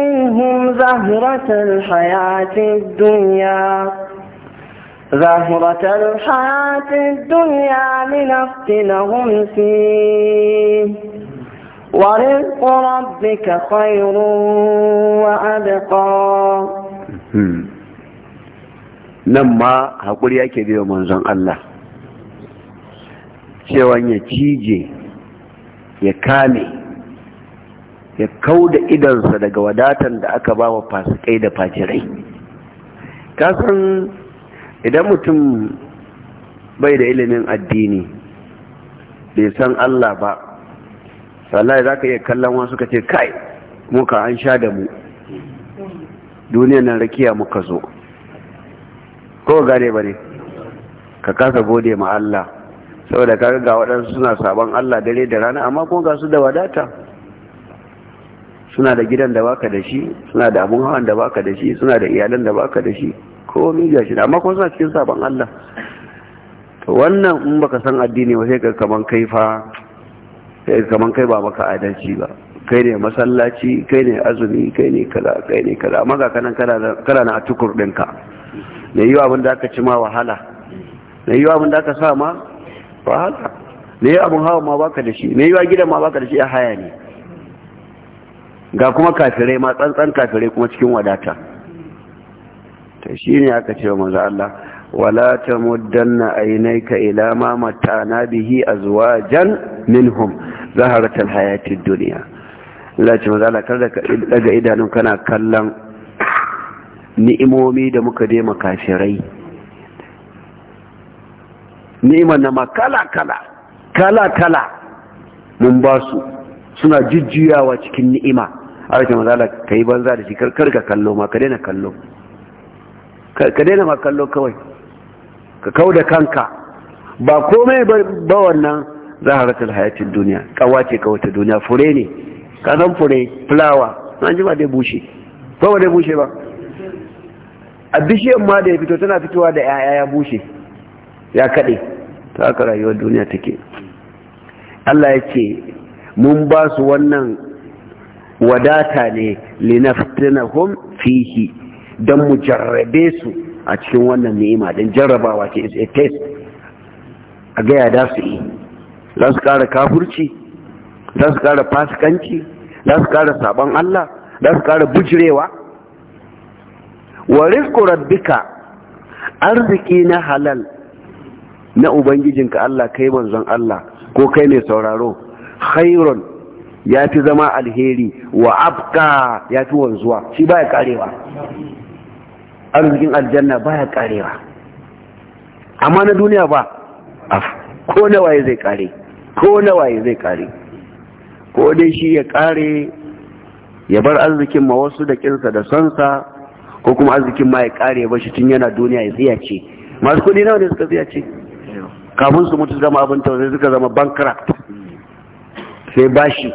منهم زهرة الحياة الدنيا زهرة الحياة الدنيا لنفتنهم فيه ورزق ربك خير وأبقى hmm. nan ma haƙuri yake biyo manzon Allah cewa ya cije ya kame ya kauda idansa daga wadatan da aka ba wa fasikai da fajirai kasan idan mutum bai da ilimin addini bai san Allah ba wallahi za ka iya kallon wasu ka ce kai muka an sha da mu duniyan nan rakiya muka zo ko gane ba ne ka kasa gode ma Allah saboda kaga ga waɗansu suna sabon Allah dare da rana amma kuma ga su da wadata suna da gidan da baka da shi suna da abun hawan da baka da shi suna da iyalan da baka da shi komi ga shi amma kuma suna cikin sabon Allah to wannan in baka san addini ba sai ka kaman kaifa kai kaman kai ba maka adalci ba kai ne masallaci kai ne azumi kai ne kaza kai ne kaza amma ga kanan kana na tukur dinka ne yi abin da aka ci ma wahala ne yi abin da aka sa ma wahala ne yi abin hawa ma baka da shi ne yi wa gidan ma baka da shi a haya ne ga kuma kafirai ma tsantsan kafirai kuma cikin wadata ta shi ne aka ce wa manzo Allah wala tamuddanna aynaka ila ma mata'na bihi azwajan minhum zaharatul hayatid dunya Allah ce maza kar da daga idanun kana kallon ni'imomi da muka dema kafirai. ni'imar na makala kala kala kala mun ba su suna jujjuyawa cikin ni'ima a rikin mazala ka yi banza da shi kar ka kallo ma ka daina kallo ka daina ma kallo kawai ka kau da kanka ba komai ba wannan zaharatul hayatin duniya kawa ce duniya fure ne Ka san fure fulawa Na ji ba dai bushe ba ba dai bushe ba a bishiyar ma da ya fito tana fitowa da yaya ya bushe ya kaɗe ta haka rayuwar duniya take Allah ya ce mun ba su wannan wadata ne linaftinahum fihi dan mu jarrabe su a cikin wannan ni'ima dan jarrabawa ce is a test a gaya da su yi za su kara kafurci za su kara fasikanci za su kara sabon Allah za su kara bujirewa wa rizqu duka arziki na halal na ubangijinka Allah kai manzon Allah ko kai mai sauraro khairun ya fi zama alheri wa abka ya fi wanzuwa shi baya karewa arzikin aljanna baya karewa amma na duniya ba ko na waye zai kare ko nawaye zai kare ko dai shi ya kare ya bar arzikin ma wasu da kinsa da sonsa ko kuma arzikin ma ya kare ya bashi tun yana duniya ya tsiyace masu kudi nawa ne suka tsiyace kafin su mutu zama abin tausayi suka zama bankrupt sai bashi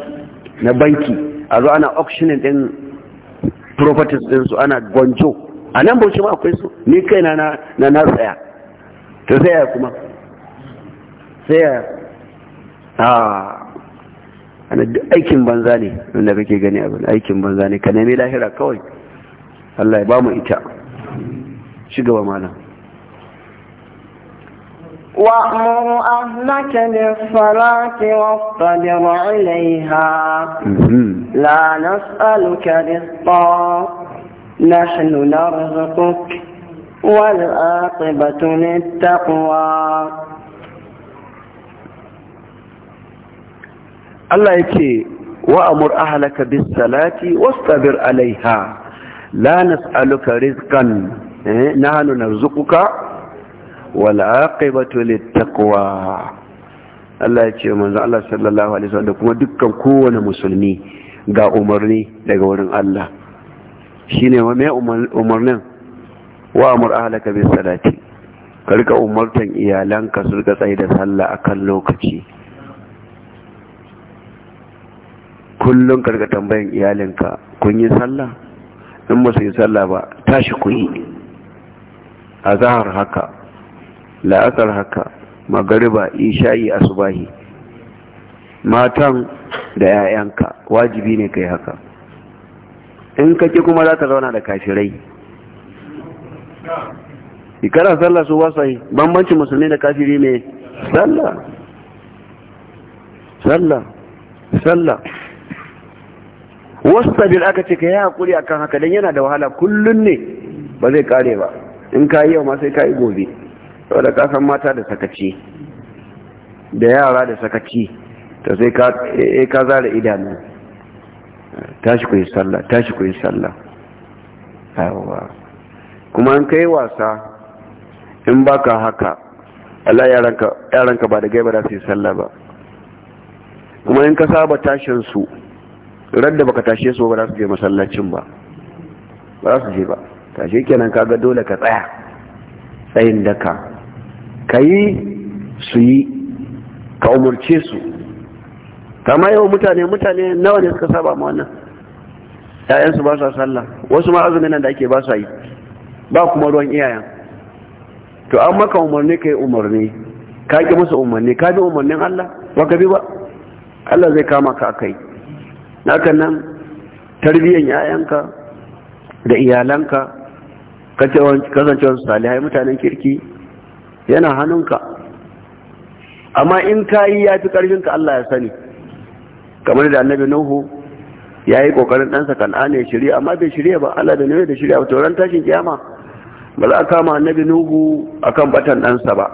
na banki a zo ana auctioning din properties din su ana gonjo a nan bauchi ma akwai su ni kaina na na na tsaya kuma tsaya Ah. a aikin banza ne wanda kake gani abin aikin banza ne ka nemi lahira kawai Allah ya ba mu ita ci gaba malam وأمر أهلك بالصلاة واصطبر عليها لا نسألك رزقا نحن نرزقك والآقبة للتقوى Allah yake wa'amur ahlaka bis salati wastabir alaiha la nas'aluka rizqan eh, nahnu narzuquka wal aqibatu littaqwa Allah ya ce manzo Allah sallallahu alaihi wasallam da kuma dukkan kowane musulmi ga umarni daga wurin Allah shine wa me umarnin wa amur ahlaka bis salati ka rika umartan iyalanka su rika tsaye da sallah akan lokaci kullum karka tambayin iyalinka kun yi sallah in ba su yi sallah ba tashi ku yi a zahar haka la'akar haka magariba ishayi, asubahi matan da 'ya'yanka wajibi ne kai haka in kake kuma za ka zauna da kafirai ikara sallah su wasai bambancin musulmi da kafiri ne sallah sallah sallah bil aka ce ka yi hakuri akan haka dan yana da wahala kullun ne ba zai kare ba in ka yi yau ma sai ka yi gobe saboda ka san mata da sakaci da yara da sakaci ta sai ka eh, zara idanu tashi ku yi sallah tashi ku yi sallah yawa kuma in kai wasa in baka haka Allah yaranka ba da gaiba da su yi sallah ba kuma in ka saba tashin su ran da baka tashe su ba za su je masallacin ba ba za su je ba tashe kenan kaga dole ka tsaya tsayin daka ka yi su yi ka umarce su kama yau mutane mutane nawa ne suka saba ma wannan ‘ya'yansu ba su sallah wasu ma azumin nan da ake ba su yi ba kuma ruwan iyayen to an maka umarni ka yi umarni ka ƙi masa umarni ka bi umarnin Allah ba ka bi ba Allah zai kama ka a kai haka nan tarbiyyar yayanka da iyalanka kasancewar salihai mutanen kirki yana hannunka amma in ka yi ya fi ƙarfinka Allah ya sani kamar da annabi nuhu ya yi ƙoƙarin ɗansa kan'ana ya shirya amma bai shirya ba Allah da nuhu da shirya ba tauran tashin kiyama ba za a kama annabi nuhu a kan batan ɗansa ba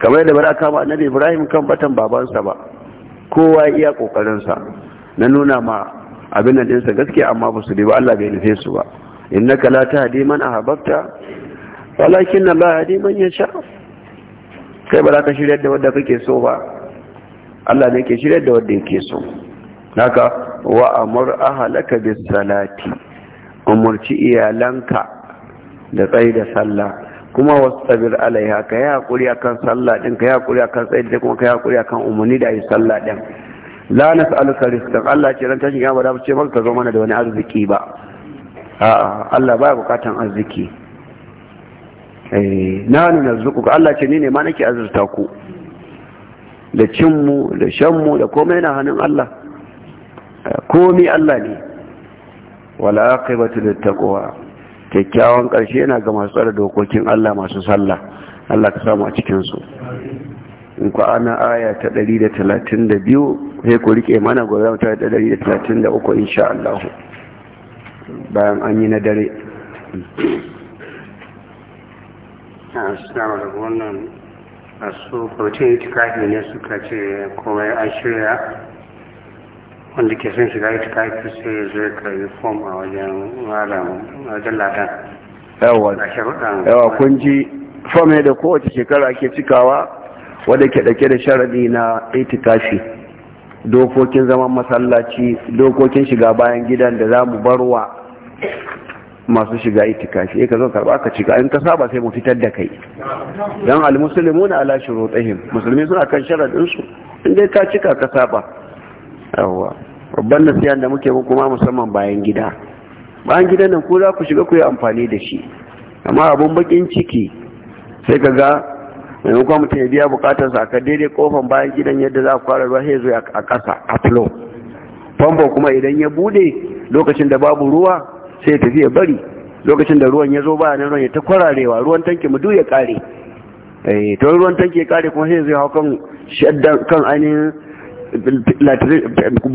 kamar da ba za a kama annabi ibrahim kan batan babansa ba kowa iya ƙoƙarinsa na nuna ma abin nan dinsa gaske amma ba su ba Allah bai nufe su ba innaka la tahdi man ahbabta walakin Allah yahdi man yasha kai ba za ka shirya da wanda kake so ba Allah ne ke shirya da wanda yake so haka wa amur ahlaka bis salati umurci iyalanka da tsayi da sallah kuma wasu tsabir alaiha ka yi hakuri akan sallah ɗin, ka yi hakuri akan tsayi da kuma ka yi hakuri akan umarni da yi sallah ɗin. la nas'aluka rizqan Allah ce ran tashin kiyama da ce maka zo mana da wani arziki ba a'a Allah baya bukatan arziki eh nanu narzuquka Allah ce ni ne ma nake azurta ku da cinmu da shanmu da komai na hannun Allah komai Allah ne wala aqibatu taqwa kyakkyawan ƙarshe yana ga masu tsara dokokin Allah masu sallah Allah ka samu a cikin su in ku ana aya ta 132 sai ku rike mana gobe ta 133 insha Allah bayan an yi na dare assalamu alaikum wannan asu kwacin itikafi ne suka ce kowai an shirya wanda ke son shiga itikafi sai zai yi fom a wajen malam wajen yawa kun ji fom ne da kowace shekara ke cikawa wadda ke ɗauke da sharadi na itikafi dokokin zaman masallaci dokokin shiga bayan gidan da za mu barwa masu shiga itikafi E, ka zo karba ka shiga in ka saba sai mu fitar da kai dan almuslimun ala shurutihim musulmi suna kan sharadin su in dai ka cika ka saba yawa babban nasiya da muke muku kuma musamman bayan gida bayan gidan nan ko za ku shiga ku yi amfani da shi amma abun bakin ciki sai ka ga maimakon mutum ya biya bukatarsa a daidai kofan bayan gidan yadda za a kwara ruwa sai zo a ƙasa a flow famfo kuma idan ya bude lokacin da babu ruwa sai tafi ya bari lokacin da ruwan ya zo ba nan ya ta kwararewa ruwan tanki mu ya kare eh to ruwan tanki ya kare kuma sai zai hau kan shaddan kan ainihin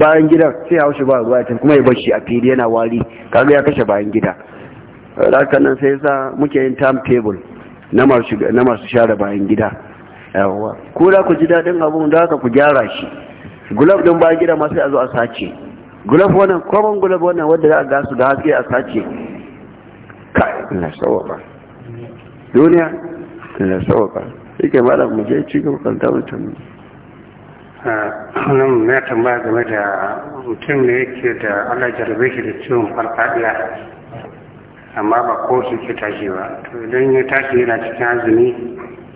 bayan gida sai ya shi ba ruwa kuma ya bashi a fili yana wari kaga ya kashe bayan gida haka nan sai sa muke yin timetable na masu share bayan gida yawa ku da ku ji daɗin abun da haka ku gyara shi gulab ɗin bayan gida masu yazo zo a sace gulab wannan kwamon gulab wannan wadda za a gasu da haske a sace kai na sawaba duniya na sawaba yake da mu je ci gaba kan ta mutum ah, nan ya tambaya game da mutum da yake da Allah jarabe shi da ciwon farfadiya amma ba ko su ke tashi ba to idan ya tashi yana cikin azumi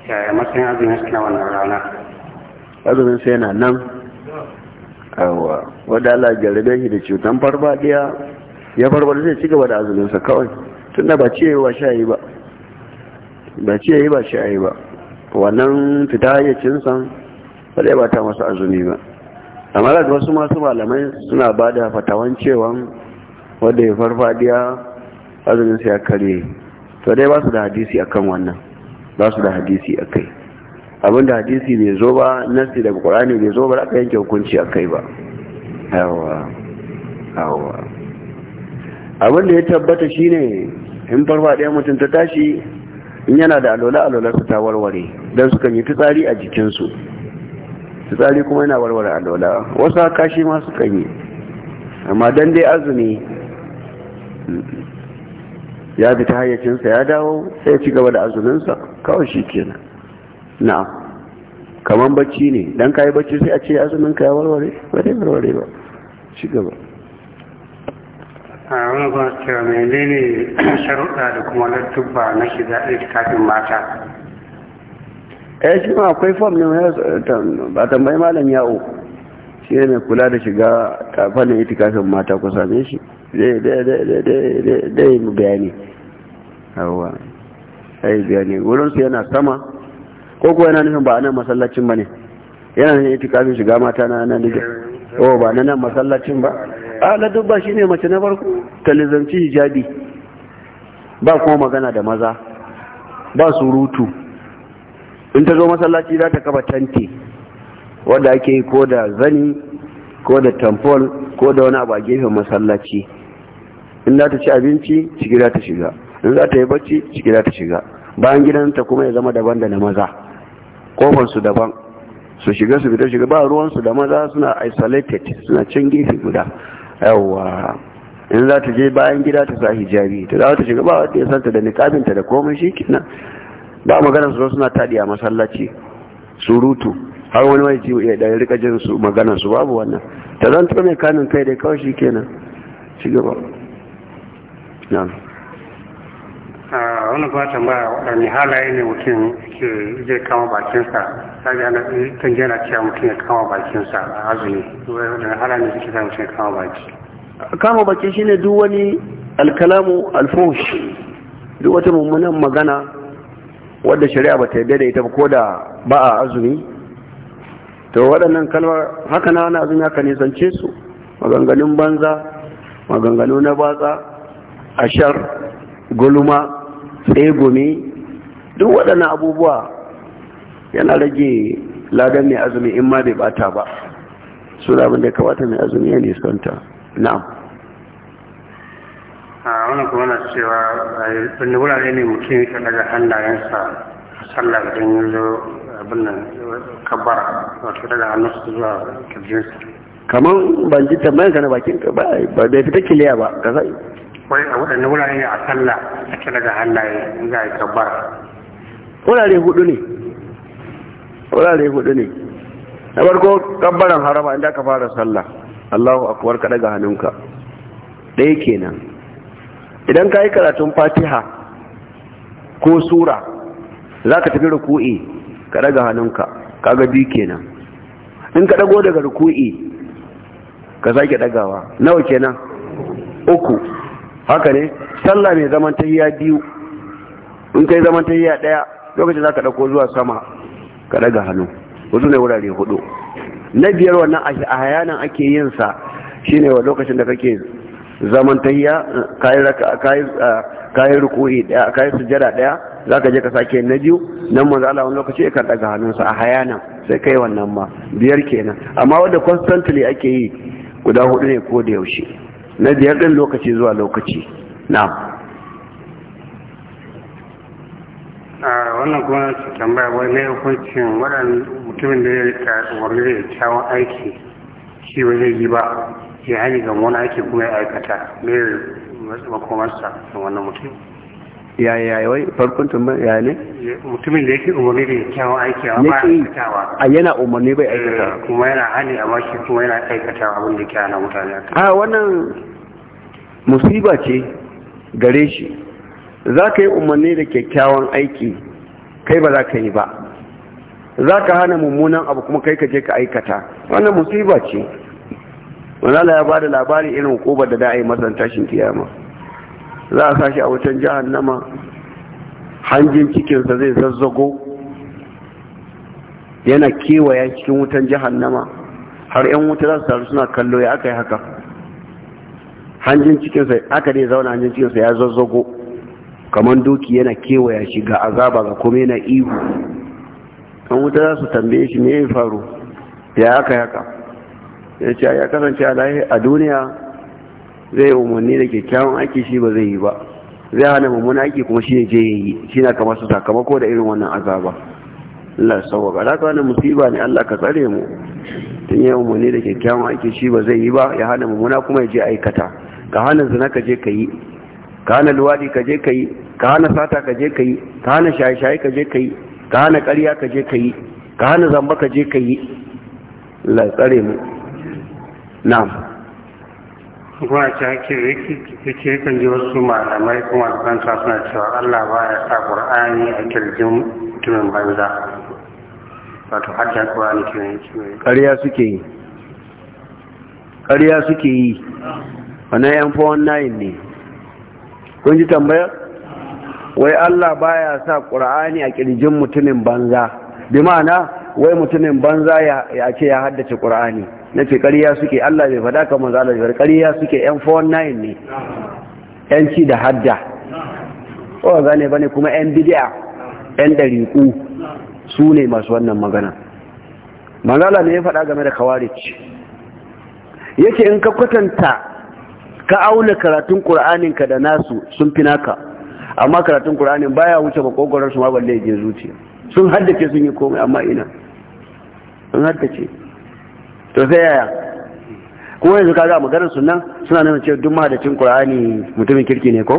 yaya matsayin azumin suna wannan rana azumin sai yana nan awa wadda ala jarabe shi da cutan farfadiya ya farfada zai ci gaba da azuminsa kawai tunda ba ce ba sha yi ba ba ce yi ba sha yi ba wannan fita hayyacin san ba zai bata masa azumi ba amma da wasu masu malamai suna ba da fatawan cewa wadda ya farfadiya azumin sai ya kare to dai ba su da hadisi akan wannan ba su da hadisi akai abin da hadisi bai zo ba nasi daga qur'ani bai zo ba aka yanke hukunci akai ba yawa yawa abin da ya tabbata shine in farfa ɗaya mutum ta tashi in yana da alola alola su ta warware don su kan yi fitsari a jikinsu fitsari kuma yana warware alola wasu kashi ma su kan yi amma don dai azumi ya fita hayyacinsa ya dawo sai ci gaba da azuminsa kawai shi kenan na'a kamar bacci ne dan kayi bacci sai a ce azuminka ya warware ba dai warware ba ci gaba a wani ba cewa mai ne sharuɗa da kuma laltubba na shi da kafin mata eh shi ma akwai fom ne ba tambayi malam yawo shi ne mai kula da shiga fannin itikafin mata kusa ne shi mu bayani hawa ai bayani wurinsu yana sama ko kuwa yana nufin ba a nan masallacin ba ne yana nufin itikafin shiga mata na nan nijin o oh, ba na nan masallacin ba a ladubba shi ne mace na farko talizanci hijabi ba kuma magana da maza ba surutu in ta zo masallaci za ta kaba tante wadda ake yi ko da zani ko da tamfol ko da wani abu a gefen masallaci in za ta ci abinci ciki za ta shiga in za ta yi bacci ciki za ta shiga bayan gidanta kuma ya zama daban da na maza kofar su daban su shiga su fita shiga ba ruwan su da maza suna isolated suna cin gefe guda yawa in za ta je bayan gida ta sa hijabi ta za ta shiga ba wanda ya santa da ta da komai shikenan ba magana su suna tadi a masallaci surutu har wani wani ciwo ya dari rika jin su magana su babu wannan ta zan ta mai kanin kai dai kawai shikenan shiga ba. Ah, wani kuma tambaya waɗanne halaye ne mutum ke zai kama bakinsa kaga na kan jana cewa mutum ya kama bakinsa a azumi waɗanne halaye ne suke sa mutum ya kama baki kama baki shi ne duk wani alkalamu alfush duk wata mummunan magana wadda shari'a ba ta yi da ita ba ko da ba a azumi to waɗannan kalmar haka na wani azumi haka nisance su maganganun banza maganganu na batsa ashar guluma, tsegumi duk waɗannan abubuwa yana rage ladan mai azumi in ma bai bata ba su da abin da ya kamata mai azumi ya nisanta na. a wani kuma na cewa eh, wani wurare ne mutum ya daga hannayensa sallar don yin zo abin nan wato daga hannunsa zuwa kirjinsa kamar ban ji tambayar ka na bakin ba bai fita kiliya ba ka sai a waɗanne wurare ne a sallah a kira da hannaye za a yi kabbara wurare hudu ne wurare hudu ne na farko kabbaran harama inda ka fara sallah Allahu akwai ka daga hannunka ɗaya kenan idan ka yi karatun fatiha ko sura za ka tafi ruku'i ka daga hannunka kaga biyu kenan in ka dago daga ruku'i ka sake dagawa nawa kenan uku haka ne sallah mai zaman biyu in kai zaman tahiya daya lokacin zaka dauko zuwa sama ka daga hannu wasu ne wurare hudu na biyar wannan a hayanan ake yin sa shine wa lokacin da kake zaman tahiya yi kayi kayi ruku'i daya kayi sujada daya zaka je ka sake na biyu nan manzo Allah wani lokaci ka daga hannunsa a hayanan sai kai wannan ma biyar kenan amma wanda constantly ake yi guda hudu ne ko da yaushe na biyar ɗin lokaci zuwa lokaci na wannan kuma tambaya wani na hukuncin waɗanda mutumin da ya rika wani da kyawun aiki shi ba zai yi ba ya hanyar ga aiki kuma ya aikata mai makomarsa da wannan mutum Yaya wai farkon tumba ya ne mutumin da yake umarni da kyawun aiki amma ba aikatawa a yana umarni bai eh, aikatawa kuma yana hani amma shi kuma yana aikatawa abin da ke ana mutane a wannan musiba ce gare shi za ka yi umarni da kyakkyawan aiki kai ba za ka yi ba za ka hana mummunan abu kuma kai ka je ka aikata wannan musiba ce wanda ya ba da labari irin hukubar da a yi mazan tashin kiyama za a sashi a wutan jahannama hanjin cikinsa zai zazzago yana kewaya cikin wutan jahannama har 'yan wuta za su taru suna kallo ya aka yi haka hanjin cikinsa aka ne zauna hanjin cikinsa ya zazzago kamar doki yana kewaya shi ga azaba ga kuma yana ihu an wuta za su tambaye shi ne ya faru ya aka yi haka ya ce ya kasance a duniya zai umarni da kyakkyawan aiki shi ba zai yi ba zai hana mummuna aiki kuma shi ne je yi shi na kamar su sakamako da irin wannan azaba Allah sauwa da ka wani musiba ne Allah ka tsare mu tun yi umarni da kyakkyawan aiki shi ba zai yi ba ya hana mummuna kuma ya je aikata ka hana zina ka je ka yi ka hana luwadi ka je ka yi ka hana sata ka je ka yi ka hana shaye-shaye ka je ka yi ka hana ƙarya ka je ka yi ka hana zamba ka je ka yi Allah tsare mu na'am kuma a ci hakki kan ji wasu malamai kuma da kan suna cewa Allah ba ya sa Qur'ani a kirjin mutumin banza wato haddan Qur'ani kirjin yi kariya suke yi ƙarya suke yi wannan yan fawon nayin ne kun ji tambayar wai Allah ba ya sa Qur'ani a kirjin mutumin banza bi ma'ana wai mutumin banza ya ce ya haddace Qur'ani na ce ƙariya suke Allah bai faɗa kamar a biyar ƙariya suke yan 419 ne yan ci da hadda kowa gane ba ne kuma yan bidiya yan ɗariƙu su ne masu wannan magana manzala ne ya faɗa game da kawarij yake in ka kwatanta ka auna karatun ƙura'aninka da nasu sun fi naka amma karatun ƙura'anin baya wuce makogorar su ma balle je zuciya sun haddace sun yi komai amma ina sun haddace to sai yaya ko yanzu mu maganar sunan suna nuna cewa duk cin qur'ani mutumin kirki ne ko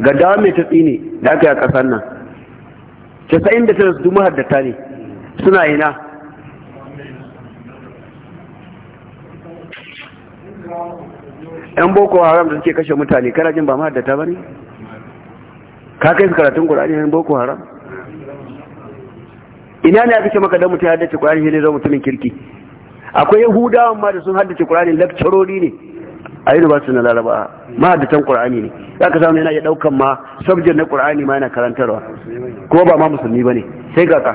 gaddawa mai tatsi ne da aka yi a ƙasar nan casa'in da tara su ta ne suna ina yan boko haram da suke kashe mutane kana jin ba mahaddata ba ne ka kai su karatun ƙur'ani yan boko haram ina ne aka ce maka dan mutum ya haddace ƙur'ani ne zo mutumin kirki akwai yahudawan ma da sun haddace qur'ani lakcarori ne a university na laraba mahaddatan qur'ani ne zaka samu yana ya daukan ma subject na qur'ani ma yana karantarwa ko ba ma musulmi bane sai ga ka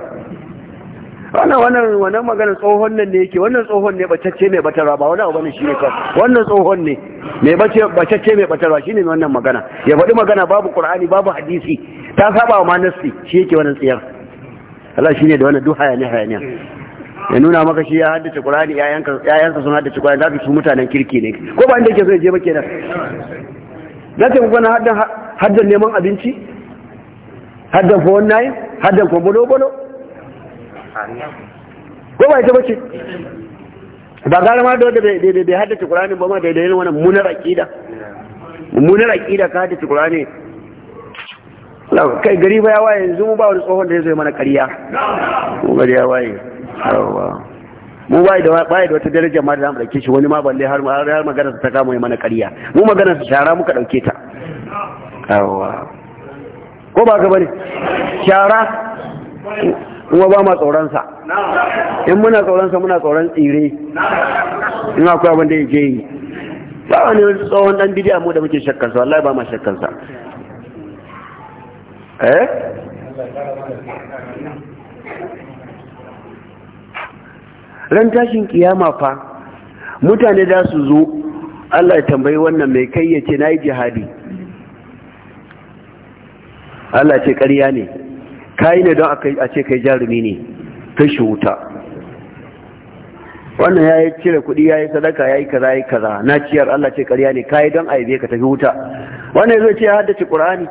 wannan wannan wannan maganar tsohon nan ne yake wannan tsohon ne bacacce mai batarwa ba wani abu bane shine ka wannan tsohon ne mai bace bacacce mai batarwa shine wannan magana ya faɗi magana babu qur'ani babu hadisi ta saba wa manasi shi yake wannan tsiyar Allah shine da wannan duk ya ne hayaniya ya nuna maka shi ya haddace Qur'ani yayansa sun haddace Qur'ani za su mutanen kirki ne ko ba inda yake so ya je ba kenan zaka ku gana haddan haddan neman abinci haddan fowon wannan haddan ko bolo ko ba ita bace ba gara ma da da bai haddace Qur'ani ba ma da da wannan munar aqida munar aqida ka haddace Qur'ani kai gari ba ya waye yanzu mu ba wani tsohon da ya zo mana ƙarya mu gari ya waye harawa mu bai da bai da wata daraja ma da zamu dauke shi wani ma balle har har magana ta kama mai mana ƙarya mu magana ta shara muka dauke ta harawa ko ba ka bane shara kuma ba ma tsoron sa in muna tsoron sa muna tsoron tsire in akwai abin da yake yi ba wani tsohon dan bidiya mu da muke shakkar sa wallahi ba ma shakkar sa eh ran tashin kiyama fa mutane da su zo Allah ya tambayi wannan mai kai ya ce na yi jihadi Allah ce ƙarya ne kayi ne don a ce kai jarumi ne ta shi wuta wannan ya yi cire kuɗi ya yi sadaka ya yi kaza ya yi kaza na ciyar Allah ce ƙarya ne kayi don a yi ka tafi wuta wannan zai ce ya haddace ƙur'ani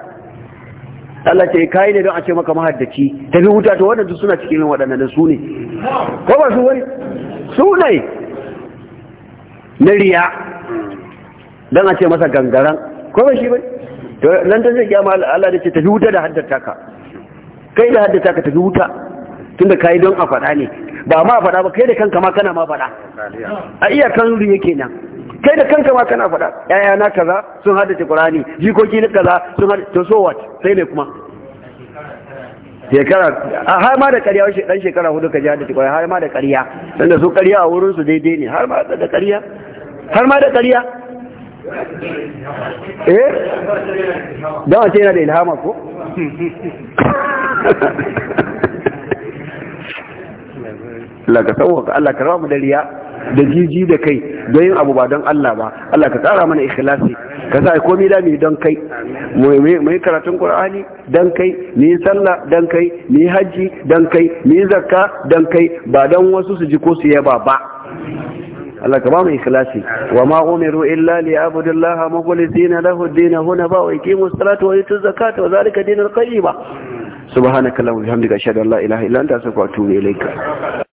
Allah ce kayi ne don a ce maka mahaddaci tafi wuta to wannan duk suna cikin waɗannan su ne ko ba su wani su ne na riya don a ce masa gangaren kome shi bai to nan ta zai gama Allah da ce tafi wuta da haddata ka kai da haddata ka tafi wuta tunda kayi don a faɗa ne ba ma faɗa ba kai da kanka ma kana ma faɗa a iyakan yake nan kai da kanka ma kana faɗa na kaza sun haddace Qur'ani jikoki na kaza sun haddace to so what sai ne kuma shekara har ma da ƙarya wani dan shekara hudu ka ji haddace ƙwarai har ma da ƙarya sanda su ƙarya a wurin su daidai ne har ma da ƙarya har ma da ƙarya eh dan yana da ilhama ko Laka [LAUGHS] ka sauwaka Allah ka rawa mu da riya da jiji da kai don yin abu ba don Allah ba Allah ka tsara mana ikhlasi ka sa ai komai da mu don kai mu yi karatun Qur'ani don kai mu yi sallah don kai mu yi haji don kai mu yi zakka don kai ba don wasu su ji ko su yaba ba Allah ka ba mu ikhlasi wa ma umiru illa li abudillahi mukhlisina lahu ad-din ba wa yuqimu as-salata wa yutu zakata wa zalika dinul qayyim subhanaka wa bihamdika ashhadu an la ilaha illa anta astaghfiruka wa atubu ilayk